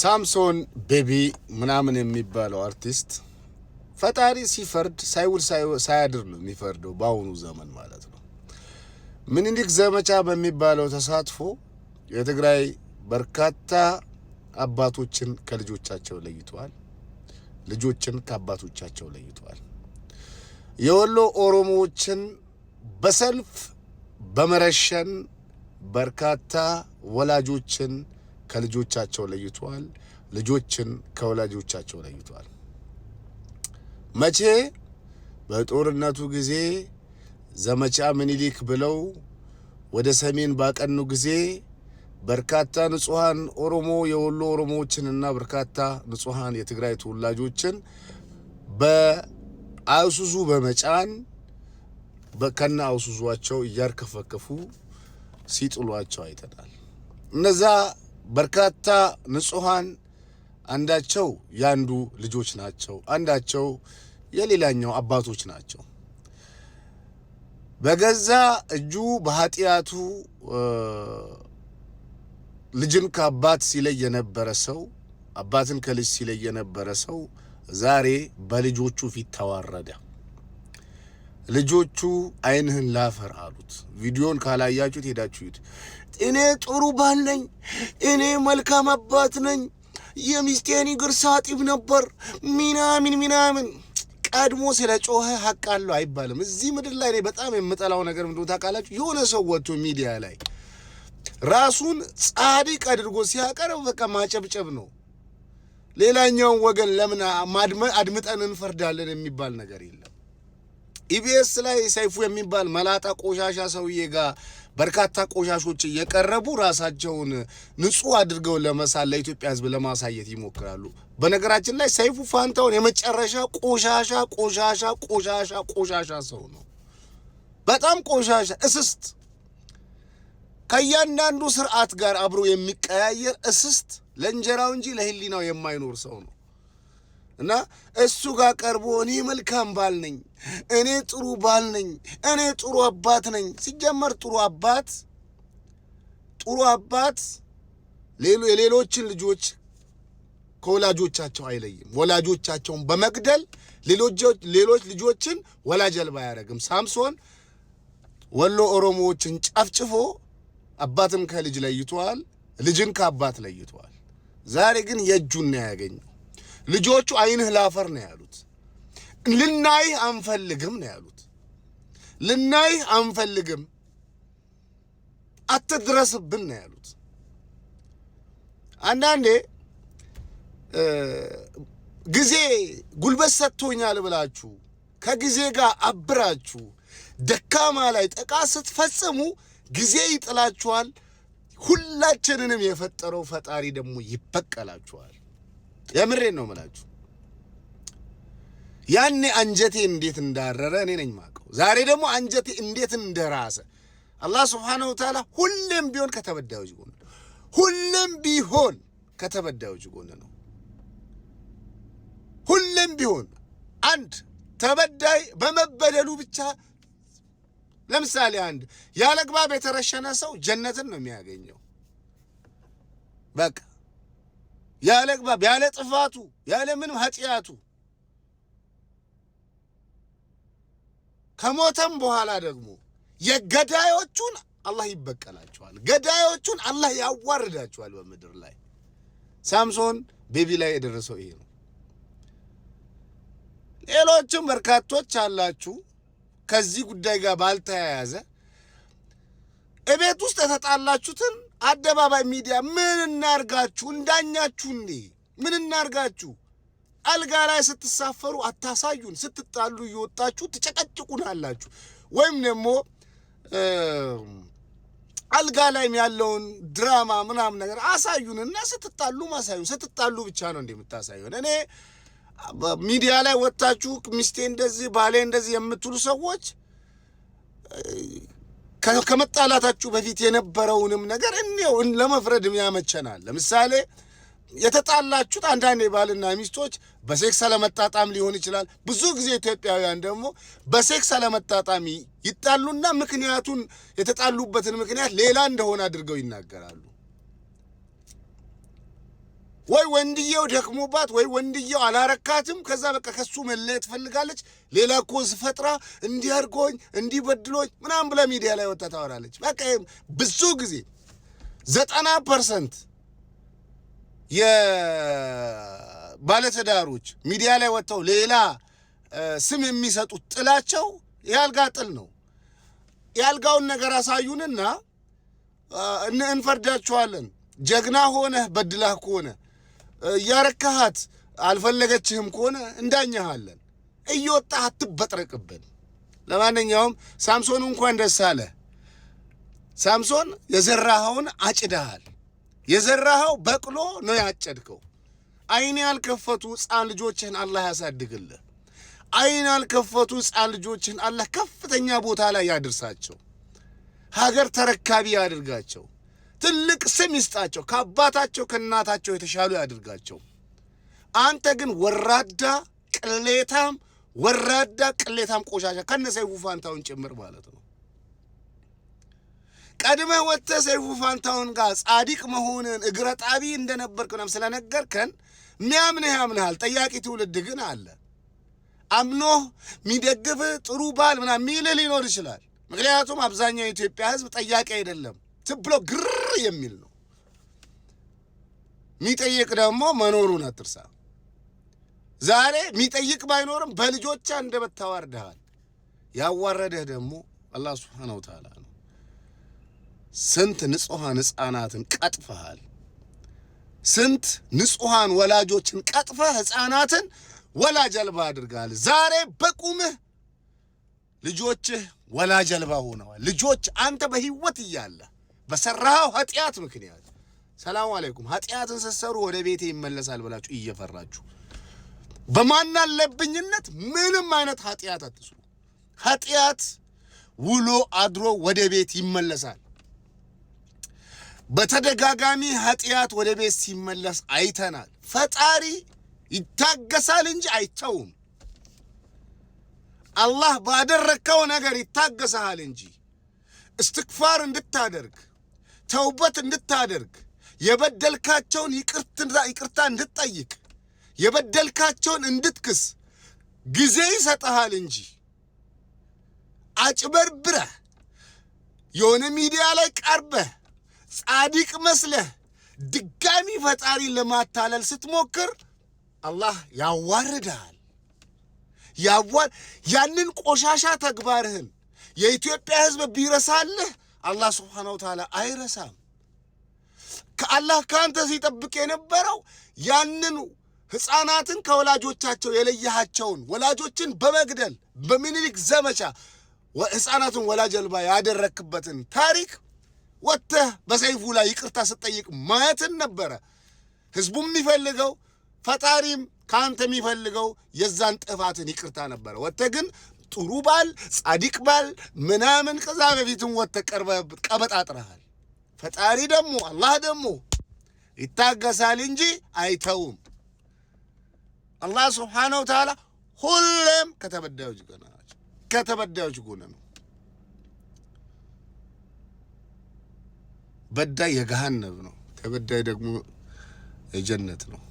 ሳምሶን ቤቢ ምናምን የሚባለው አርቲስት ፈጣሪ ሲፈርድ ሳይውል ሳያድር ነው የሚፈርደው፣ በአሁኑ ዘመን ማለት ነው። ምኒልክ ዘመቻ በሚባለው ተሳትፎ የትግራይ በርካታ አባቶችን ከልጆቻቸው ለይተዋል፣ ልጆችን ከአባቶቻቸው ለይተዋል። የወሎ ኦሮሞዎችን በሰልፍ በመረሸን በርካታ ወላጆችን ከልጆቻቸው ለይተዋል። ልጆችን ከወላጆቻቸው ለይተዋል። መቼ? በጦርነቱ ጊዜ ዘመቻ ምኒልክ ብለው ወደ ሰሜን ባቀኑ ጊዜ በርካታ ንጹሐን ኦሮሞ የወሎ ኦሮሞዎችንና በርካታ ንጹሐን የትግራይ ተወላጆችን በአሱዙ በመጫን ከነ አሱዟቸው እያርከፈከፉ ሲጥሏቸው አይተናል። እነዛ በርካታ ንጹሐን አንዳቸው ያንዱ ልጆች ናቸው፣ አንዳቸው የሌላኛው አባቶች ናቸው። በገዛ እጁ በኃጢአቱ ልጅን ከአባት ሲለይ የነበረ ሰው አባትን ከልጅ ሲለይ የነበረ ሰው ዛሬ በልጆቹ ፊት ተዋረደ። ልጆቹ አይንህን ላፈር አሉት። ቪዲዮን ካላያችሁት ሄዳችሁት እኔ ጥሩ ባል ነኝ፣ እኔ መልካም አባት ነኝ፣ የሚስቴን እግር ሳጥብ ነበር ሚናምን ሚናምን። ቀድሞ ስለ ጮኸ ሀቅ አለው አይባልም። እዚህ ምድር ላይ እኔ በጣም የምጠላው ነገር ምንድን ታውቃላችሁ? የሆነ ሰው ወጥቶ ሚዲያ ላይ ራሱን ጻድቅ አድርጎ ሲያቀርብ በቃ ማጨብጨብ ነው። ሌላኛውን ወገን ለምን አድምጠን እንፈርዳለን የሚባል ነገር የለም። ኢቢኤስ ላይ ሰይፉ የሚባል መላጣ ቆሻሻ ሰውዬ ጋር በርካታ ቆሻሾች እየቀረቡ ራሳቸውን ንጹህ አድርገው ለመሳል ለኢትዮጵያ ሕዝብ ለማሳየት ይሞክራሉ። በነገራችን ላይ ሰይፉ ፋንታውን የመጨረሻ ቆሻሻ ቆሻሻ ቆሻሻ ቆሻሻ ሰው ነው። በጣም ቆሻሻ እስስት፣ ከእያንዳንዱ ስርዓት ጋር አብሮ የሚቀያየር እስስት፣ ለእንጀራው እንጂ ለህሊናው የማይኖር ሰው ነው። እና እሱ ጋር ቀርቦ እኔ መልካም ባል ነኝ፣ እኔ ጥሩ ባል ነኝ፣ እኔ ጥሩ አባት ነኝ። ሲጀመር ጥሩ አባት ጥሩ አባት የሌሎችን ልጆች ከወላጆቻቸው አይለይም። ወላጆቻቸውን በመግደል ሌሎች ልጆችን ወላጅ አልባ አያደርግም። ሳምሶን ወሎ ኦሮሞዎችን ጨፍጭፎ አባትም ከልጅ ለይቷል፣ ልጅን ከአባት ለይቷል። ዛሬ ግን የእጁን ነው ያገኘው። ልጆቹ አይንህ ላፈር ነው ያሉት። ልናይህ አንፈልግም ነው ያሉት። ልናይህ አንፈልግም፣ አትድረስብን ነው ያሉት። አንዳንዴ ጊዜ ጉልበት ሰጥቶኛል ብላችሁ ከጊዜ ጋር አብራችሁ ደካማ ላይ ጥቃት ስትፈጽሙ ጊዜ ይጥላችኋል። ሁላችንንም የፈጠረው ፈጣሪ ደግሞ ይበቀላችኋል። የምሬን ነው የምላችሁ። ያኔ አንጀቴ እንዴት እንዳረረ እኔ ነኝ ማቀው። ዛሬ ደግሞ አንጀቴ እንዴት እንደራሰ አላህ ስብሓነሁ ወተዓላ ሁሌም ቢሆን ከተበዳዮች ጎን ሁሌም ቢሆን ከተበዳዮች ጎን ነው። ሁሌም ቢሆን አንድ ተበዳይ በመበደሉ ብቻ ለምሳሌ አንድ ያለግባብ የተረሸነ ሰው ጀነትን ነው የሚያገኘው በቃ ያለ አግባብ ያለ ጥፋቱ ያለ ምንም ኃጢአቱ ከሞተም በኋላ ደግሞ የገዳዮቹን አላህ ይበቀላቸዋል። ገዳዮቹን አላህ ያዋርዳቸዋል በምድር ላይ። ሳምሶን ቤቢ ላይ የደረሰው ይሄ ነው። ሌሎችም በርካቶች አላችሁ ከዚህ ጉዳይ ጋር ባልተያያዘ እቤት ውስጥ የተጣላችሁትን አደባባይ ሚዲያ ምን እናርጋችሁ? እንዳኛችሁ እንዴ? ምን እናርጋችሁ? አልጋ ላይ ስትሳፈሩ አታሳዩን። ስትጣሉ እየወጣችሁ ትጨቀጭቁናላችሁ። ወይም ደግሞ አልጋ ላይም ያለውን ድራማ ምናምን ነገር አሳዩን እና ስትጣሉ ማሳዩን። ስትጣሉ ብቻ ነው እንደ የምታሳዩን። እኔ ሚዲያ ላይ ወጥታችሁ ሚስቴ እንደዚህ ባሌ እንደዚህ የምትሉ ሰዎች ከመጣላታችሁ በፊት የነበረውንም ነገር እኔው ለመፍረድም ያመቸናል። ለምሳሌ የተጣላችሁት አንዳንድ የባልና ሚስቶች በሴክስ አለመጣጣም ሊሆን ይችላል። ብዙ ጊዜ ኢትዮጵያውያን ደግሞ በሴክስ አለመጣጣም ይጣሉና ምክንያቱን የተጣሉበትን ምክንያት ሌላ እንደሆነ አድርገው ይናገራሉ። ወይ ወንድየው ደክሞባት ወይ ወንድየው አላረካትም። ከዛ በቃ ከሱ መለየት ትፈልጋለች። ሌላ ኮዝ ፈጥራ እንዲያርጎኝ እንዲበድሎኝ ምናምን ብላ ሚዲያ ላይ ወጣ ታወራለች። በቃ ብዙ ጊዜ ዘጠና ፐርሰንት የባለትዳሮች ሚዲያ ላይ ወጥተው ሌላ ስም የሚሰጡት ጥላቸው የአልጋ ጥል ነው። የአልጋውን ነገር አሳዩንና እንፈርዳችኋለን። ጀግና ሆነህ በድላህ ከሆነ እያረካሃት አልፈለገችህም ከሆነ እንዳኘሃለን። እየወጣህ አትበጥረቅብን። ለማንኛውም ሳምሶን እንኳን ደስ አለ። ሳምሶን የዘራኸውን አጭዳሃል። የዘራኸው በቅሎ ነው ያጨድከው። አይን ያልከፈቱ ሕፃን ልጆችህን አላህ ያሳድግልህ። አይን ያልከፈቱ ሕፃን ልጆችህን አላህ ከፍተኛ ቦታ ላይ ያድርሳቸው። ሀገር ተረካቢ ያድርጋቸው። ትልቅ ስም ይስጣቸው፣ ከአባታቸው ከእናታቸው የተሻሉ ያድርጋቸው። አንተ ግን ወራዳ ቅሌታም፣ ወራዳ ቅሌታም ቆሻሻ ከነ ሰይፉ ፋንታውን ጭምር ማለት ነው። ቀድመ ወጥተ ሰይፉ ፋንታውን ጋር ጻድቅ መሆንን እግረ ጣቢ እንደነበርክ ምናምን ስለነገርከን ሚያምንህ ያምንሃል። ጠያቂ ትውልድ ግን አለ አምኖህ የሚደግፍህ ጥሩ ባል ምናምን ሚልህ ሊኖር ይችላል። ምክንያቱም አብዛኛው የኢትዮጵያ ሕዝብ ጠያቂ አይደለም ትብሎ ግር የሚል ነው። የሚጠይቅ ደግሞ መኖሩን አትርሳ። ዛሬ የሚጠይቅ ባይኖርም በልጆች አንደበት ታዋርደሃል። ያዋረደህ ደግሞ አላህ ሱብሓነሁ ወተዓላ ነው። ስንት ንጹሐን ሕፃናትን ቀጥፈሃል። ስንት ንጹሐን ወላጆችን ቀጥፈህ ሕፃናትን ወላጅ አልባ አድርጋል። ዛሬ በቁምህ ልጆችህ ወላጅ አልባ ሆነዋል። ልጆች አንተ በህይወት እያለህ በሰራው ኃጢአት ምክንያት ሰላም አለይኩም ኃጢአትን ስትሰሩ ወደ ቤቴ ይመለሳል ብላችሁ እየፈራችሁ በማናለብኝነት ምንም አይነት ኃጢአት አትስሩ። ኃጢአት ውሎ አድሮ ወደ ቤት ይመለሳል። በተደጋጋሚ ኃጢአት ወደ ቤት ሲመለስ አይተናል። ፈጣሪ ይታገሳል እንጂ አይተውም። አላህ ባደረግከው ነገር ይታገሰሃል እንጂ እስትክፋር እንድታደርግ ተውበት እንድታደርግ የበደልካቸውን ይቅርታ እንድትጠይቅ የበደልካቸውን እንድትክስ ጊዜ ይሰጠሃል እንጂ አጭበርብረህ የሆነ ሚዲያ ላይ ቀርበህ ጻድቅ መስለህ ድጋሚ ፈጣሪ ለማታለል ስትሞክር አላህ ያዋርድሃል። ያንን ቆሻሻ ተግባርህን የኢትዮጵያ ሕዝብ ቢረሳልህ አላህ ስብሓነሁ ወተዓላ አይረሳም። ከአላህ ከአንተ ሲጠብቅ የነበረው ያንን ሕፃናትን ከወላጆቻቸው የለየሃቸውን ወላጆችን በመግደል በሚኒሊክ ዘመቻ ሕፃናትን ወላጅ አልባ ያደረክበትን ታሪክ ወጥተህ በሰይፉ ላይ ይቅርታ ስጠይቅ ማየትን ነበረ። ህዝቡም የሚፈልገው ፈጣሪም ከአንተ የሚፈልገው የዛን ጥፋትን ይቅርታ ነበረ። ወጥተህ ግን ጥሩ ባል፣ ጻዲቅ ባል ምናምን ከዛ በፊትም ወጥተህ ቀበጣጥረሃል። ፈጣሪ ደግሞ አላህ ደግሞ ይታገሳል እንጂ አይተውም። አላህ ስብሓነ ወተዓላ ሁሌም ከተበዳዮች ጎን ከተበዳዮች ጎን ነው። በዳይ የገሃነብ ነው፣ ተበዳይ ደግሞ የጀነት ነው።